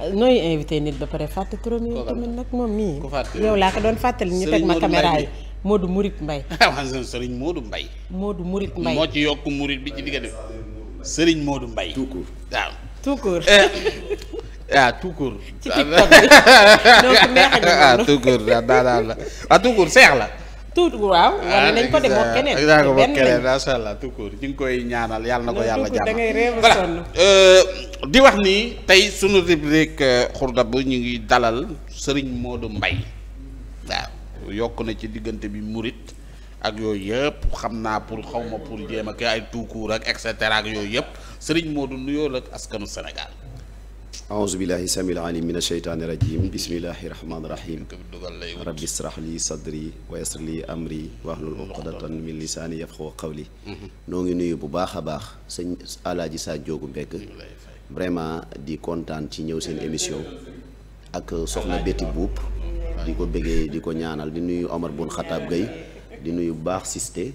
ah nooy invité nit ba pare fàtte turam yow tamit nag moom mii. yow laa ko doon fàttali ñu teg ma caméra moo du Mouride mbay ah Serigne Modou Mbaye. Modou Mouride Mbaye moo ci yokk Mouride bi ci diggante Serigne Modou Mbaye. tout court waaw. tout court. Eh. ah tout ci TikTok bi donc neex a ah tout court ah, daal daal la ah la. tout waaw ah, wane nañ ko de moom keneen daa ko moom keneen koy ñaanal yàlla na ko yàlla jàmm da euh, di wax ni tey sunu rubrique euh, xurda bu ñu ngi dalal sëriñ Modou mbay waaw yokk na ci diggante bi murit ak yooyu yëpp xam naa pour xaw ma pour jéem ak ay tout ak et cetera ak yooyu yëpp sëriñ Modou nuyoo la askanu Sénégal aouzu billahi samil alim min asheytaani rajim bismillahi rahmaani rahim rabbi israh li sadri wa yassir li amri wahlul uqdatan min lisaani yafqahu qawli noo ngi nuyu bu baax a baax sëñ alaaji saa joogu mbekk vraiment di kontaan ci ñëw seen émission ak soxna Betty Boop di ko bëggee di ko ñaanal di nuyu Omar Bun Xataab Gueye di nuyu baax Sisté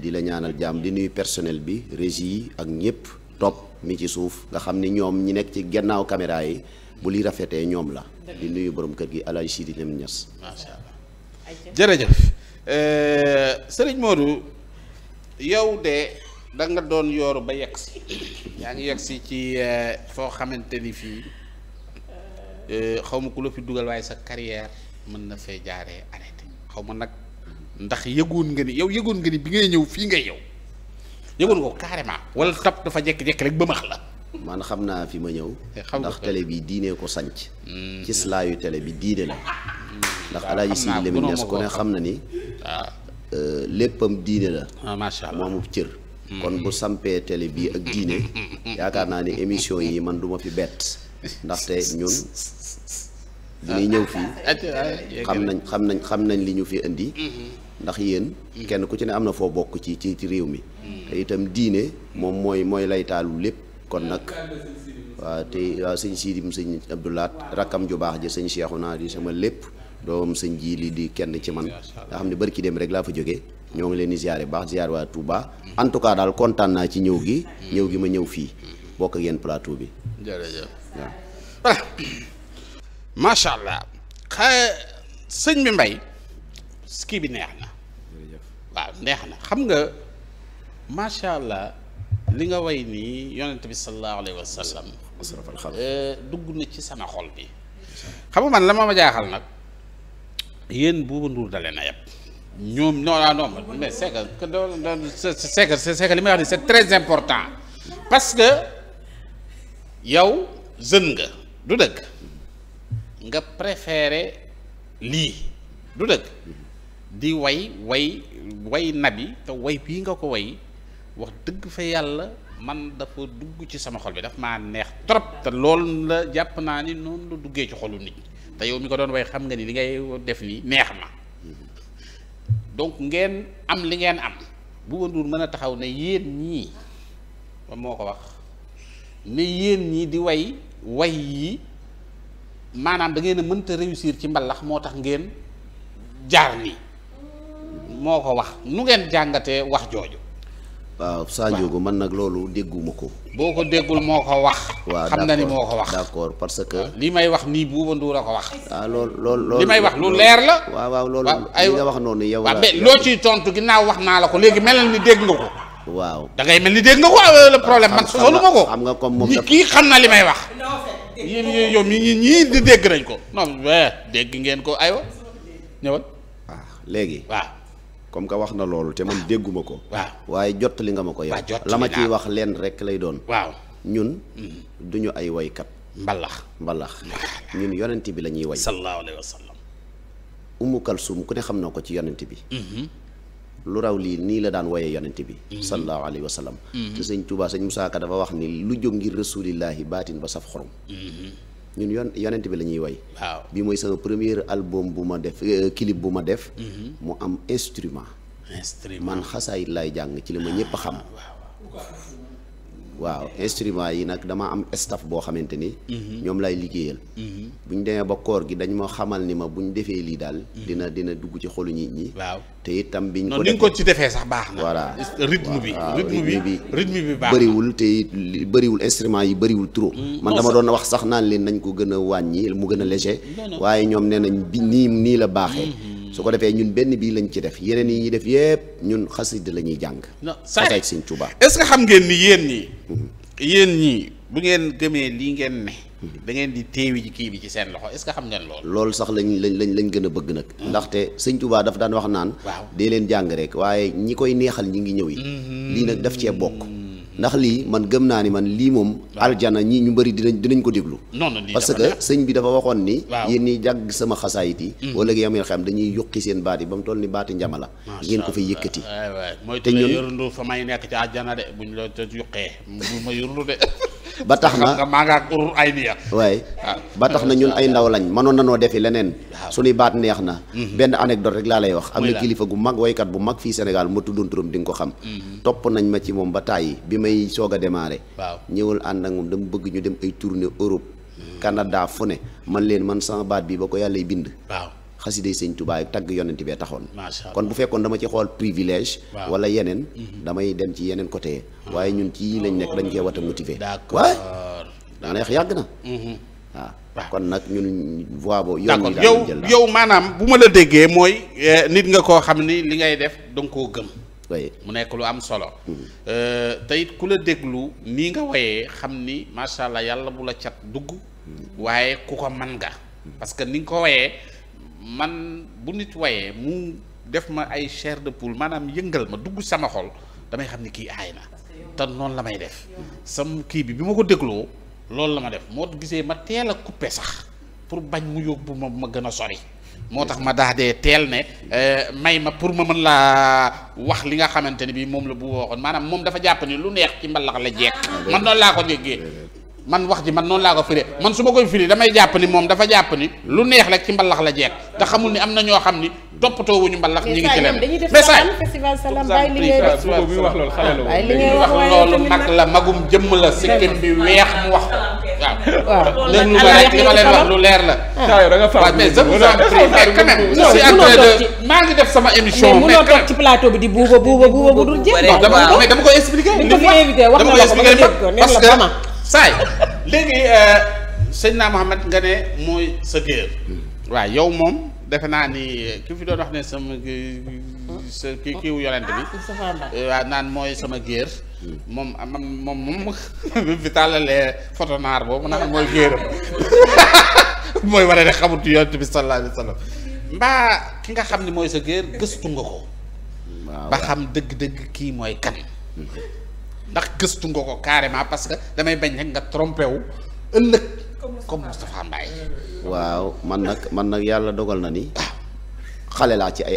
di la ñaanal jàmm di nuyu personnel bi régie yi ak ñëpp topp mi ci suuf nga xam ni ñoom ñi nekk ci gannaaw caméra yi bu li rafetee ñoom la di nuyu boroom kër gi alaaj Sidi Lamine Niass macha allah jërëjëf eh, sëriñ Modou yow de da nga doon yooru ba yegg si yaa ngi yegg si ci eh, foo xamante ni fii eh, xaw ma ku la fi dugal waaye sa carrière mën na fee jaaree arrêté xaw ma nag ndax yëgoon nga ni yow yëgoon nga ni bi ngay ñëw fii ngay yow yëgoon nga ko carrément wala tab dafa jekki-jekki rek ba max la man xam naa fi ma ñëw eh, ndax télé bi diinee ko sanc hmm. ci slaayu télé bi diine la hmm. ndax ah, alaaji Sidi Lamine Niass ku ne xam na ni ah. euh, léppam diine la ah, macha allah moomub cër hmm. kon bu sampee tele bii ak diine yaakaar naa ni émission yi man duma fi bett ndaxte ñun bi ñuy ñëw fii ah, xam nañ xam nañ xam nañ li ñu fi indi mm-hmm. ndax yéen mm-hmm. kenn ku ci ne am na foo bokk ci ci ci réew mi mm-hmm. te itam diine moom mooy mooy laytaalu lépp kon nag waaw te waaw sëñ siidim sëñ abdoulaat rakkam ju baax ji sëñ naa di sama lépp doom sëñ ji li di kenn ci man nga xam ne bari ki dem rek laa fa jóge ñoo ngi leen di ziare baax ziare waa Touba en tout cas daal kontaan naa ci ñëw gi ñëw gi ma ñëw fii bokk ak yéen plateau bi jërëjëf macha allah xaa sëñ bi mbay ski bi neex na waaw neex na xam nga macha allah li nga way nii yonent bi sallallahu alayhi wa sallam eh, dugg na ci sama xol bi xam nga man la ma ma jaaxal nag yéen Buuba Nduur da leen a yëpp ñoom non non non mais c'est que c'est que c'est li may wax ni c'est très important parce que yow jeune nga du dëkk nga préféré lii du dëgg di way way way nabi te way bii nga ko way wax dëgg fa yàlla man dafa dugg ci sama xol bi daf maa neex trop te lool la jàpp naa ni noonu la duggee ci xolu nit te yow mi ko doon way xam nga ni li ngay def nii neex ma donc ngeen am li ngeen am Bouba Ndour mën a taxaw ne yéen ñii moo ko wax ne yéen ñii di way way yi maanaam da ngeen a mënta réussir ci mbalax moo tax ngeen jaar nii moo ko wax nu ngeen jàngatee wax jooju. waaw Sa Ndiogou man nag loolu dégguma ko. boo ko déggul moo ko wax. waaw xam na ni moo ko wax d'accord parce que. li may wax nii Bouba ko wax. ah loolu wax lu leer la. waaw waaw loolu li nga wax noonu yow. waaw mais loo ciy tontu ginnaaw wax naa la ko léegi melal ni dégg nga ko. waaw da ngay mel ni dégg nga ko euh, le problème man. solu ma ko xam kii xam na li may wax. yéen yéen yow mi ñi ñii di dégg nañ ko non mais dégg ngeen ko aywa ñëwal. waaw ah, léegi. waaw comme que wax na loolu te man dégguma ko. waa waaye jot li nga ma ko yow. la ma ciy wax leen rek lay doon. waaw ñun. Mm-hmm. du ñu ay woykat. mbalax mbalax ñun yonent bi la ñuy woy. sallallahu alayhi wa sallam. umu kalsum ku ne xam na ko ci yonent bi. Mm-hmm. lu raw lii nii la daan woyee yonent bi sallallahu alayhi wa sallam mm-hmm. te sëñ Tuubaa sëñ Musaa Ka dafa wax ni lu jóg ngir rasulillahi baatin ba saf xorom mm-hmm. ñun yon yonent bi la ñuy woy waaw bi mooy sama premier album bu ma def euh, clip bu ma def mm-hmm. mu am instrument man xasaayit laay jàng ci li ma ñëpp xam ah, waaw instrument yi nag dama am staff boo xamante ni. Mhm. ñoom lay liggéeyal. Mhm. bu ñu demee ba koor gi dañ ma xamal ni ma bu ñu defee lii daal. Mhm. dina dina dugg ci xolu nit ñi. waaw te itam bi ñu ko. defee ko ci defee sax baax voilà rythme bi rythme bi rythme te bariwul bëriwul instrument yi bëriwul trop. Mm, man dama doon wax sax naan leen nañ ko gën a wàññi mu gën a léger. waaye ñoom nee nañ bi nii nii la baaxee. Mm-hmm. su ko defee ñun benn bii lañu ci def yeneen yi ñu def yépp ñun xasida la ñuy jàng. xasaay Sëñ Tuubaa est-ce que xam ngeen ni yéen ñi mm-hmm. yéen ñii bu ngeen gëmee lii ngeen ne. ngeen di teewi kii bi ci seen loxo est-ce que xam ngeen loolu. loolu sax lañ lañ lañ lañ gën a bëgg nag. Mm. ndaxte sëñ Tuubaa daf daan wax naan. waaw dee leen jàng rek waaye ñi koy neexal ñi ngi ñëw yi. Mm-hmm. lii nag daf cee bokk. ndax lii man gëm naa ni man lii moom aljana ñi ñu bëri dinañ dinañ ko déglu parce que sëñ bi dafa waxoon ni yéen ñi jàgg sama xasaayit yi mm. wala gi yamel xam dañuy yuqi seen baat yi ba mu toll ni baati njama la ngeen ko fay yëkkati te ñun yorundu fa may nekk ci aljana de buñ la yuqee bu ma yorundu de ba tax na nga ay niya waay ah. ba tax na ñun ay ndaw lañ mënoon nanoo defi leneen suñuy baat neex na mhm. benn anecdote rek laa lay wax am na kilifa gu mag woykat bu mag fii Sénégal ma tuddoon turam di nga ko xam mhm. topp nañ ma ci moom ba tàyyi bi may soog a démarré waaw ñëwal ànd ak moom dama bëgg ñu dem ay tournée Europe mhm. Canada fu ne man leen man sama baat bi ba ko yàllay bind xasida yi sëñ Tuubaa tagg yonent bee taxoon kon bu fekkoon dama ci xool privilège wala yeneen mhm. damay dem ci yeneen côté waaye ñun ci lañ nekk dañ koy wat a motiver waaye daana yax yàgg na mhm. waaw kon nag ñun voix boobu yow yow yow maanaam bu ma la déggee mooy eh, nit nga koo xam ni li ngay def danga koo gëm mu nekk lu am solo mhm. euh, te it ku la déglu nii nga wayee xam ni macha allah yàlla bu la cat dugg waaye ku ko man nga parce ni nga ko wayee man bu nit wayee mu def ma ay chair de poule maanaam yëngal ma dugg sama xol damay xam ni kii ay na te noonu la may def sam kii bi bi ma ko dégloo loolu la ma def moo gisee ma teel ak coupé sax pour bañ mu yóbbu ma ma gën a sori moo tax ma daa dee teel ne eh, may ma pour ma mën laa wax li nga xamante ne bii moom la bu waxoon maanaam moom dafa jàpp ni lu neex ci mbalax la jeek ah, man noonu laa ko déggee man wax ji man noonu laa ko firee man su ma koy firi damay jàpp ni moom dafa jàpp ni lu neex rek ci mbalax la jeex te xamul ni am na ñoo xam ni toppatoo wuñu mbalax. ñu ngi ci leen mais saa festival salam bàyyi li ngay def wax loolu la woon wax loolu mag la magum jëmm la sikkim bi weex mu wax ko waaw. léegi lu ma rek li ma lu leer la. Ah. saa da nga faral mais je vous en prie mais def sama émission. mais munoo toog ci bi di buuba buuba buuba bu dul jeex. dama ko expliqué. dama ko expliqué parce que saay léegi euh, sëñ naa Mouhamed nga ne mooy sa géer waaw yow moom defe naa ni euh, ki fi doon wax ne sama euh, sa kii kiiwu yonent bi ah, ah, waaw naan mooy sama géer hmm. moom am ah, moom moom bi tàllalee photo naar boobu naan mooy géeram mooy waree ne xamut yonent bi sallallahu alayhi wa sallam mbaa ki nga xam ni mooy sa géer gëstu nga ko ba xam dëgg-dëgg kii mooy kan hmm. ndax gëstu nga ko carrément parce que damay bañ rek nga trompé wu ëllëg comme waaw man nag man nag yàlla dogal na ni ah. xale laa ci ay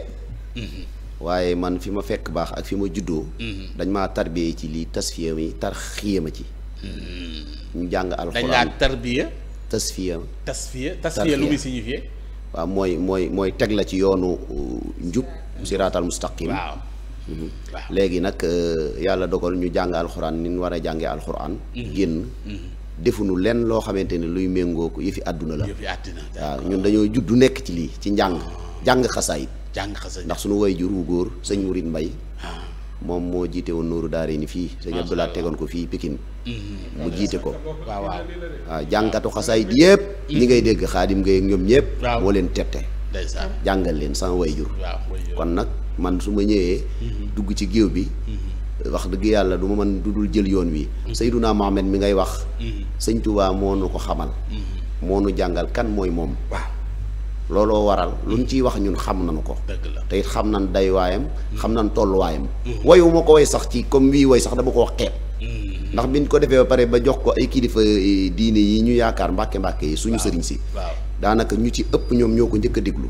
mhm. waaye man fi ma fekk baax ak fi ma juddoo mhm. dañ maa tarbiyee ci lii tasfiya mi tarxiya ma ci mhm. ñu jàng alxuraan dañ laa tarbiya tasfiya tasfiya tasfiya lu mooy mooy mooy teg la ci yoonu uh, njub siraatal mustaqim waaw léegi nag euh, yàlla dogal ñu jàng alxuraan ni ñu war a jàngee alxuraan. Mhm. génn. Mhm. defuñu lenn loo xamante ne luy méngoo ko yëfi àdduna la. yëfi àdduna waaw ñun dañoo du nekk ci lii ci njàng. Ah. jàng xasaayit. jàng xasaayit ndax suñu way jur wu góor sëñ Murit Mbay ah. moom moo jiite woon Nooru Daare ni fii sëñ Abdoulaye tegoon ko fii Pikine mhm. mu jiite ko waaw waaw jàngkatu xasaayit yëpp ñi ngay dégg xaadim ngay ñoom ñëpp moo leen tette jàngal leen sans way jur kon nag man su ma ñëwee mhm. dugg ci géew bi mhm. wax dëgg yàlla du ma mën du dul jël yoon wi naa mhm. Seydunaa Muhammad mi ngay wax sëñtuwaa moo nu ko xamal moo nu jàngal kan mooy moom waaw looloo waral lu ñu ciy wax ñun xam nañu ko te it xam nañ day waayam xam nañ tolluwaayam wayu ma ko way sax ci comme wii woy sax dama ko wax xeeb ndax biñ ko defee ba pare ba jox ko ay kilifa eh, diine yi ñu yaakaar mbàkke mbàkke yi suñu sëriñ si daanaka ñu ci ëpp ñoom ñoo ko njëkk a déglu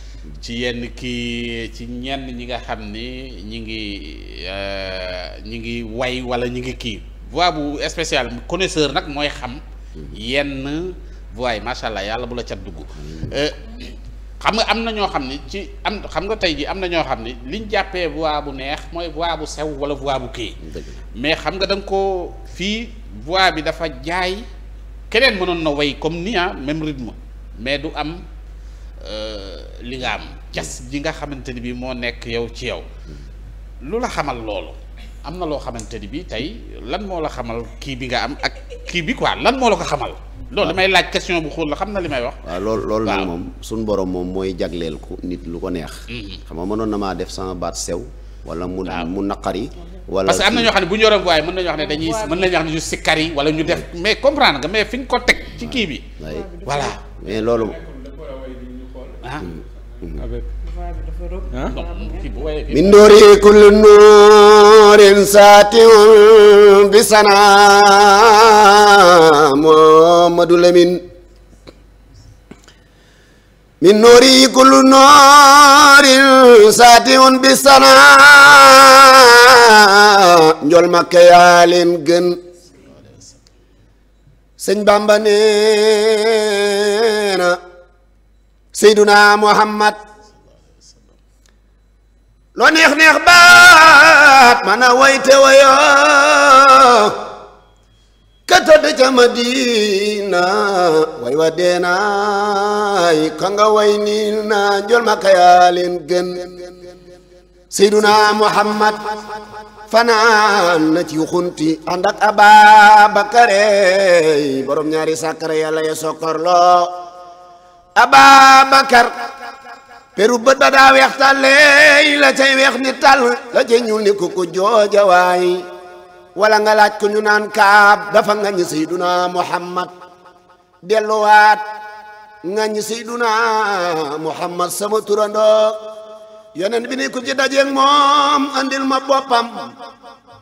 ci yenn kii ci ñenn ñi nga xam ni ñi ngi euh, ñi ngi way wala ñi ngi kii voix bu spécial connaisseur nag mooy xam yenn voix yi macha allah yàlla bu la cat dugg euh, xam nga am na ñoo xam ni ci am xam nga tey ji am na ñoo xam ni liñ jàppee voix bu neex mooy voix bu sew wala voix bu kii mais xam nga danga nga ko fii voix bi dafa jaay keneen mënoon na way comme ni ah même mais du am Euh, li nga am cas ji nga xamante ni bi moo nekk yow ci yow lu la xamal loolu am na loo xamante ni bi tey lan moo la xamal kii bi nga am ak kii bi quoi lan moo la ko xamal loolu damay laaj question bu xóol la xam na li may wax waaw loolu loolu nag borom moom mooy jagleel ko nit lu ko neex mhm. xam nga mënoon na maa def sama baat sew wala mu mu naqari wala parce que am na ñoo xam ne bu ñu yoroon waaye wax ne dañuy mën nañu wax ne ñu sikkar yi wala ñu def mais comprendre nga mais fi nga ko teg ci kii bi voilà mais loolu min nuuri kulli nuurin bi sana Muhammadu Lamin min nuuri kulli nuurin bi sana njol Makka yaa leen gën sëñ Bamba nee seyduna muhammad loo neex neex baat mana wayte wayo ka tëdd ca madina way wa deenaay ka way niil na njol ma kayaaleen gën seyduna muhammad fanaan na ci xunti ànd abaa bakare borom ñaari sàkkare yàlla ya sokkorloo Ababakar peru bët ba daa weex tàlleey la cay weex ni tàll la cay ñuul ni koko jooja waay wala nga laaj ko ñu naan kaab dafa nga ñi sayduna muhammad delluwaat nga ñi sayduna muhammad sama turandoo yonent bi ni ku ci dajeeg moom andil ma boppam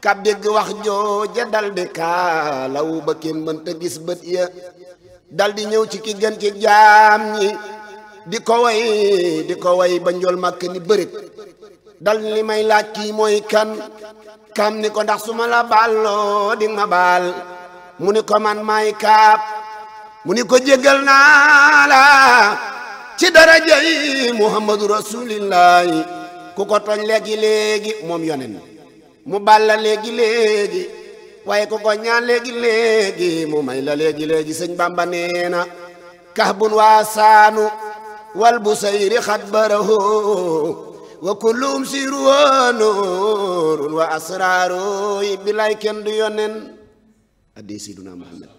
kab dégg wax jooja dal kaalaw ba kenn mënta gis bët ya dal di ñëw ci ki gën ci jaam ñi di ko way di ko way ba njool màkk ni bërit dal li may laaj kii mooy kan kam ni ko ndax su ma di ma baal mu ni ko man maay kaab mu ni ko jéggal naa la ci daraja muhammadu rasulillahi ku ko tooñ léegi léegi moom yonen mu baal la léegi waaye ko ko ñaan léegi léegi mu may la léegi léegi sëñ Bamba nee na kahbun wal busayri xat barahu wa wa nuurun wa asraaru yi bilaay kenn du yonen addi siduna Muhammad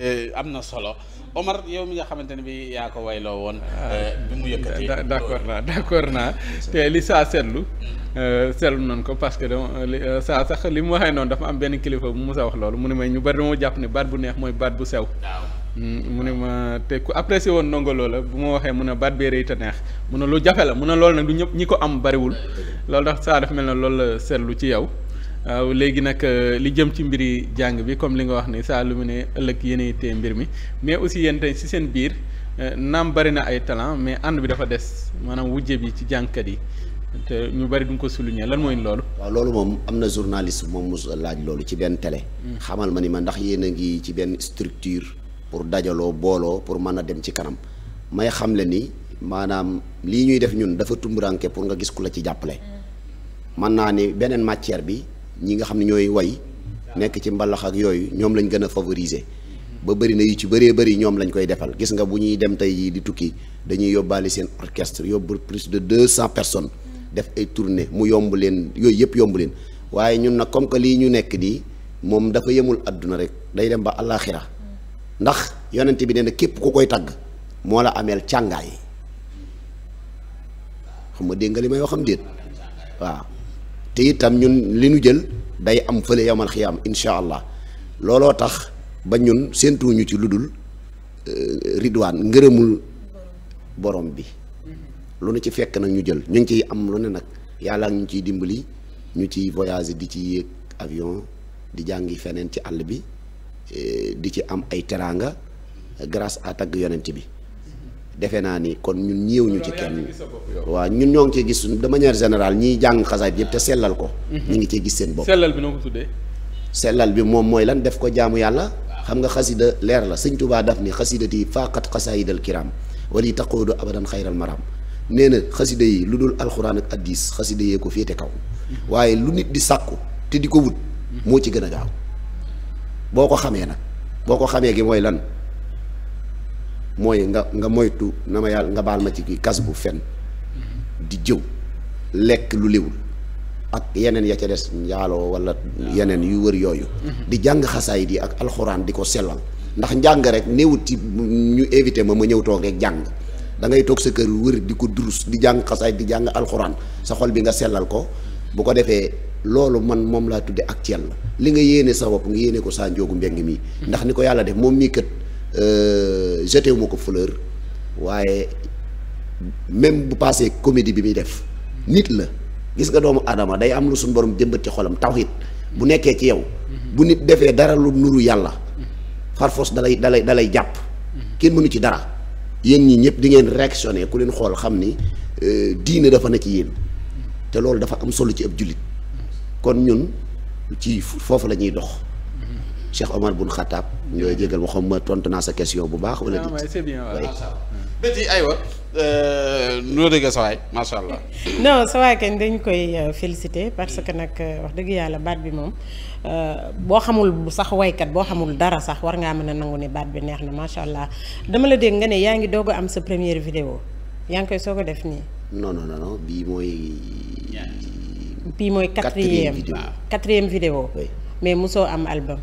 Euh, am na solo Omar yow mi nga xamante ne bi yaa ko wayloo woon. Ah. Euh, bi mu yëkkatee d'accord naa d'accord naa te li saa seetlu. Mm. Euh, seetlu nañ ko parce que dama saa sax li mu waxee noonu dafa am benn kilifa bu mu sa wax loolu mu ne may ñu bari dama jàpp ni baat bu neex mooy baat bu sew. Mm, mu ne ma te ku apprécié woon ndongo loola bu ma waxee mun a baat bee rëy te neex mun a lu jafe la mun a loolu nag du ñëpp ñi ko am bariwul loolu ndax saa daf mel na loolu la seetlu ci yow. waaw léegi nag euh, li jëm ci mbiri jàng bi comme li nga wax ni saa lu mu ne ëllëg yéenay téye mbir mi mais aussi yéen tey si seen biir euh, naam bari na ay talent mais ànd bi dafa des maanaam wujje bi ci jàngkat yi te ñu bari duñ ko souligner lan mooy loolu. waaw loolu moom am na journaliste moom mu laaj loolu ci benn télé. Hmm. xamal ma ni ma ndax yéen a ngi ci benn structure pour dajaloo booloo pour mën a dem ci kanam may xam le ni maanaam lii ñuy def ñun dafa tumburanke pour nga gis ku la ci jàppale. Hmm. mën naa ni beneen matière bi. ñi nga xam ne ñooy way nekk ci mbalax ak yooyu ñoom lañ gën a favoriser ba bari na yu ci bëree bëri ñoom lañ koy defal gis nga bu ñuy dem tey di tukki dañuy yóbbaale seen orchestre yóbbu plus de deux cent personnes def ay tournée mu yomb leen yooyu yëpp yomb leen waaye ñun nag comme que lii ñu nekk nii moom dafa yemul àdduna rek day dem ba àllaaxira ndax yonent bi nee na képp ku koy tagg moo la ameel càngaay xam nga dégg nga li may waxam déet waaw te itam ñun li ñu jël day am fële yamal xiyaam incha allah looloo tax ba ñun séentuwuñu ci lu dul euh, ridwaan ngërëmul borom bi lu nu ci fekk nag ñu jël ñu ngi ciy am lu ne nag yàlla ñu ciy dimbali ñu ciy voyage di ci yéeg avion di jàngi feneen ci àll bi euh, di ci am ay teraanga grace à tag yonent bi defe naa ni kon ñun ñëwuñu ci kenn waaw ñun ñoo ngi cee gis de manière générale ñiy jàng xasaay yëpp te sellal ko. ñu ngi cee gis seen bopp. sellal bi noo ko sellal bi moom mooy lan def ko jaamu yàlla. xam nga xasida leer la sëñ Tuubaa daf ni xasida ti faaqat xasaayidal kiraam wali taqoodu abadan xayral maraam nee na xasida yi lu dul alxuraan ak addis xasida yee ko féete kaw. waaye lu nit di sàkku te di ko wut. moo ci gën a gaaw boo ko xamee nag boo ko xamee gi mooy lan. mooy nga nga moytu na ma yàlla nga baal ma ci kii kas bu fen di jëw lekk lu léwul ak yeneen ya ca des njaaloo wala yeneen yu wër yooyu di jàng xasaayid yi ak alxuraan di ko sellal ndax njàng rek néewut ci ñu éviter ma ma ñëw toog rek jàng da toog sa kër wër di ko durus di jàng xasaayid di jàng alxuraan sa xol bi nga sellal ko bu ko defee loolu man moom laa tudde ak cell la li nga yéene sa wopp nga yéene ko saa njoogu mbeng mi ndax ni ko yàlla def moom mii kët Euh, jeté wu ma ko fleur waaye même bu passé comédie bi muy def nit la gis nga doomu aadama day am lu suñu borom jëmbat ci xolam tawhid bu nekkee ci yow bu nit defee dara lu nuru yàlla farfos dalay dalay dalay jàpp kenn mënu ci dara yéen ñi ñëpp di ngeen réactionné ku leen xool xam ni euh, diine dafa na ci yéen te loolu dafa am solo ci ab jullit kon ñun ci foofu la ñuy dox Cheikh Omar Bun Khattab nga jégal ma xam ma tontu naa sa question bu baax. wala non mais c'est bien aywa. Euh, noo dëgg sa dañ koy euh, féliciter parce que nag euh, wax dëgg yàlla baat bi moom boo xamul sax waykat boo xamul dara sax war ngaa mën a nangu ne baat bi neex na macha allah dama la dégg nga ne yaa ngi doog am sa première vidéo yaa ngi koy soog a def nii. non bii mooy. bii mooy quatrième quatrième vidéo. mais mosoo am album.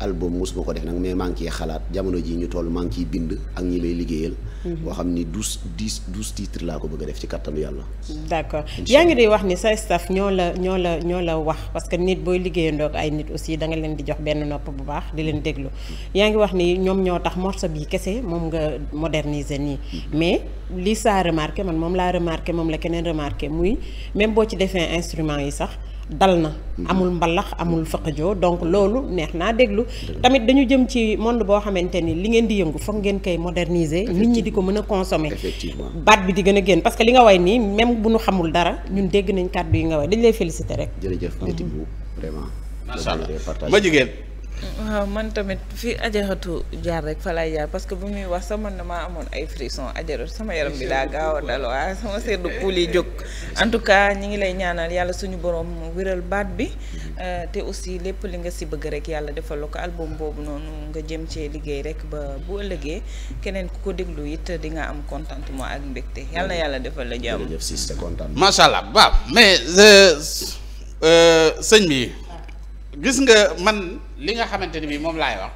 album mosuma ko def nag mais maa ngi ciy xalaat jamono ji ñu toll maa ngi ciy bind ak ñi may liggéeyal. boo mhm. xam ni douze dix douze titres laa ko bëgg a def ci kattanu yàlla. d'accord yaa ngi day wax ni sa staff ñoo la ñoo la ñoo la wax parce que nit booy liggéeyandoog ay nit aussi da nga leen di jox benn nopp bu baax di leen déglu mhm. yaa ngi wax ni ñoom ñoo tax morceau bi kese moom nga moderniser nii mhm. mais li saa remarqué man moom laa remarqué moom la keneen remarqué muy même boo ci defee instrument yi sax. dal na mhm. amul mbalax amul mhm. faqajoo donc loolu neex naa déglu tamit dañu jëm ci monde boo xamante ni li ngeen di yëngu foog ngeen koy moderniser nit ñi di ko mën a consommer baat bi di gën a génn parce que li nga way nii même bu ñu xamul dara ñun dégg nañ kàddu yi nga way dañ lay féliciter rek jërëjëf métti bu vraiment macha allah ma jigéen waaw man tamit fi ajaratu jaar rek fa lay jaar parce que bu muy wax sax man maa amoon ay frisson ajaratu sama yaram bi daa gaaw a dal waaye sama seddu kuul jóg en tout cas ñi ngi lay ñaanal yàlla suñu borom wéral baat bi euh, te aussi lépp li nga si bëgg rek yàlla defal la ko boobu noonu nga jëm cee liggéey rek ba bu ëllëgee keneen ku ko déglu it di nga am contentement ak mbégte yàlla yàlla defal la jàmm. jërëjëf si c'est content. allah waaw mais euh, euh, sëñ bi. gis nga man li nga xamante ni bii moom laay wax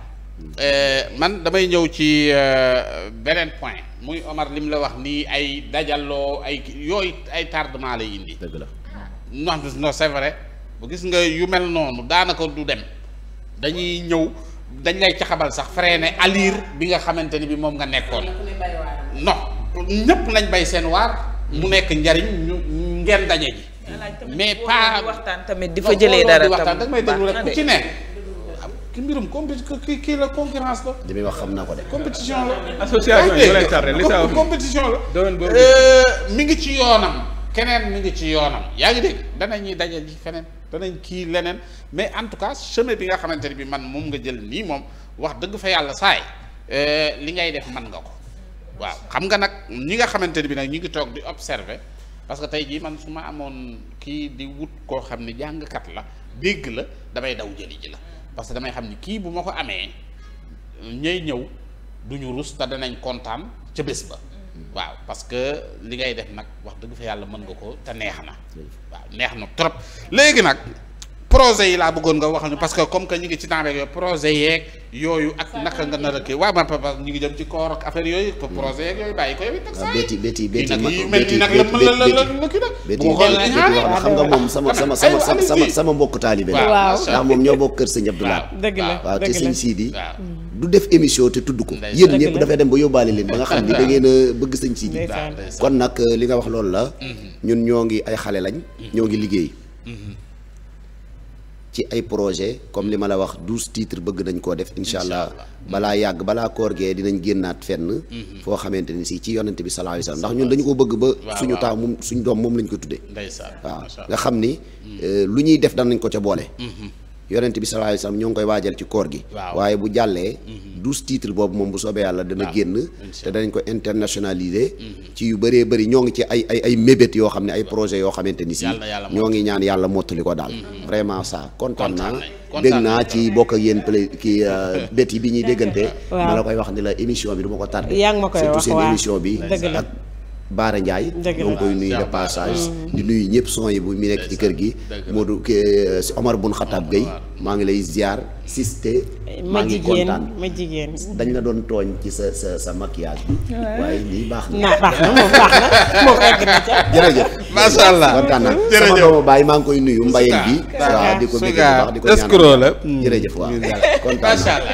eh, man damay ñëw ci eh, beneen point muy Omar lim la wax nii ay dajaloo ay yooyu ay tardement lay indi. dëgg la non non c'est vrai gis nga yu mel noonu daanaka du dem dañuy ñëw dañ lay caxabal sax ne alir bi nga xamante ni bi moom nga nekkoon. non ñëpp nañ bay seen waar. mu nekk njariñ ngeen daje ji. mais pas waxtaan tamit di fa jëlee dara waxtaan da may déglu rek ku ci ne ah, ki mbirum compét ki kii la concurrence la. li wax xam naa ko de. compétition la. association yi la compétition la. Euh, mi ngi ci yoonam. keneen mi ngi ci yoonam yaa ngi dégg danañuy dajal ci feneen danañ kii leneen mais en tout cas chemin bi nga xamante ne bi man moom nga jël nii moom wax dëgg fa yàlla saay euh, li ngay def man nga ko waaw xam nga nag ñi nga xamante ne bi nag ñu ngi toog di observer. parce que tey jii man su ma amoon kii di wut koo xam ne jàngkat la dégg la damay daw jëli ji la parce que damay xam ni kii bu ma ko amee ñëy ñëw du ñu rus te danañ kontaan ca bés ba mm-hmm. waaw parce que li ngay def nag wax dëgg fa yàlla mën nga ko te neex na waaw neex na trop léegi nag projet yi laa bëggoon nga waxal ñu parce que comme que ñu ngi ci temps beeg yooyu projet yeeg yooyu ak naka nga nar a kii waaw man papa ñu ngi jëm ci koor ak affaire yooyu hmm. projet yeeg yooyu bàyyi ko yow it ak ah, saa yi béti béti béti béti nag la la la la la kii nag béti béti wax na xam nga moom sama sama sama sama sama mbokk taalibe la ndax moom ñoo bokk kër sëñ Abdoulaye dëgg la waaw te sëñ Sidi du def émission te tudd ko yéen ñëpp dafay dem ba yóbbaale leen ba nga xam ni da ngeen a bëgg sëñ Sidi kon nag li nga wax loolu la mm-hmm. ñun ñoo ngi ay xale lañ mm-hmm. ñoo ngi liggéey mm-hmm. ci ay projet comme li ma la wax douze titres bëgg nañ koo def incha allah balaa yàgg balaa koor gee dinañ génnaat fenn mhm. foo xamante ni si ci yonent bi sallallahu alayhi wasallam ndax ñun dañu ko bëgg ba suñu taaw moom suñu doom moom lañu ko tuddee waaw nga xam ni mhm. euh, lu ñuy def nañ ko ca boole mhm. yonent bi sa alayhi wasallam ñoo ngi koy waajal ci koor gi waaye bu jàllee mhm. douze titres boobu moom bu soobee yàlla dana génn te danañ ko internationaliser mhm. ci yu bëree bëri ñoo ngi ci ay ay ay mébét yoo xam ne ay projet yoo xamante ni si ñoo ngi ñaan yàlla mottali ko daal mhm. vraiment ça kontaan naa dégg naa ci bokk ak yéen play kii euh, bét yi bi ñuy déggante ma la koy wax ni la émission bi du ko tardé yaa ngi ma koy seen émission bi Baara Ndiaye ñoo ngi koy nuyu de passage mm-hmm. di nuyu ñëpp son yi bu mi nekk ci kër gi Modou euh, si Omar Bun Xataab Gueye maa ngi lay ziar siste maa ngi kontaan ma dañ la doon tooñ ci sa sa sa maquillage bi waaye lii baax na moom baax na moom egg na jërëjëf kontaan naa sama doomu baay maa ngi koy nuyu mbayeen bi waaw di ko bëgg bu di ko ñaan jërëjëf waaw kontaan naa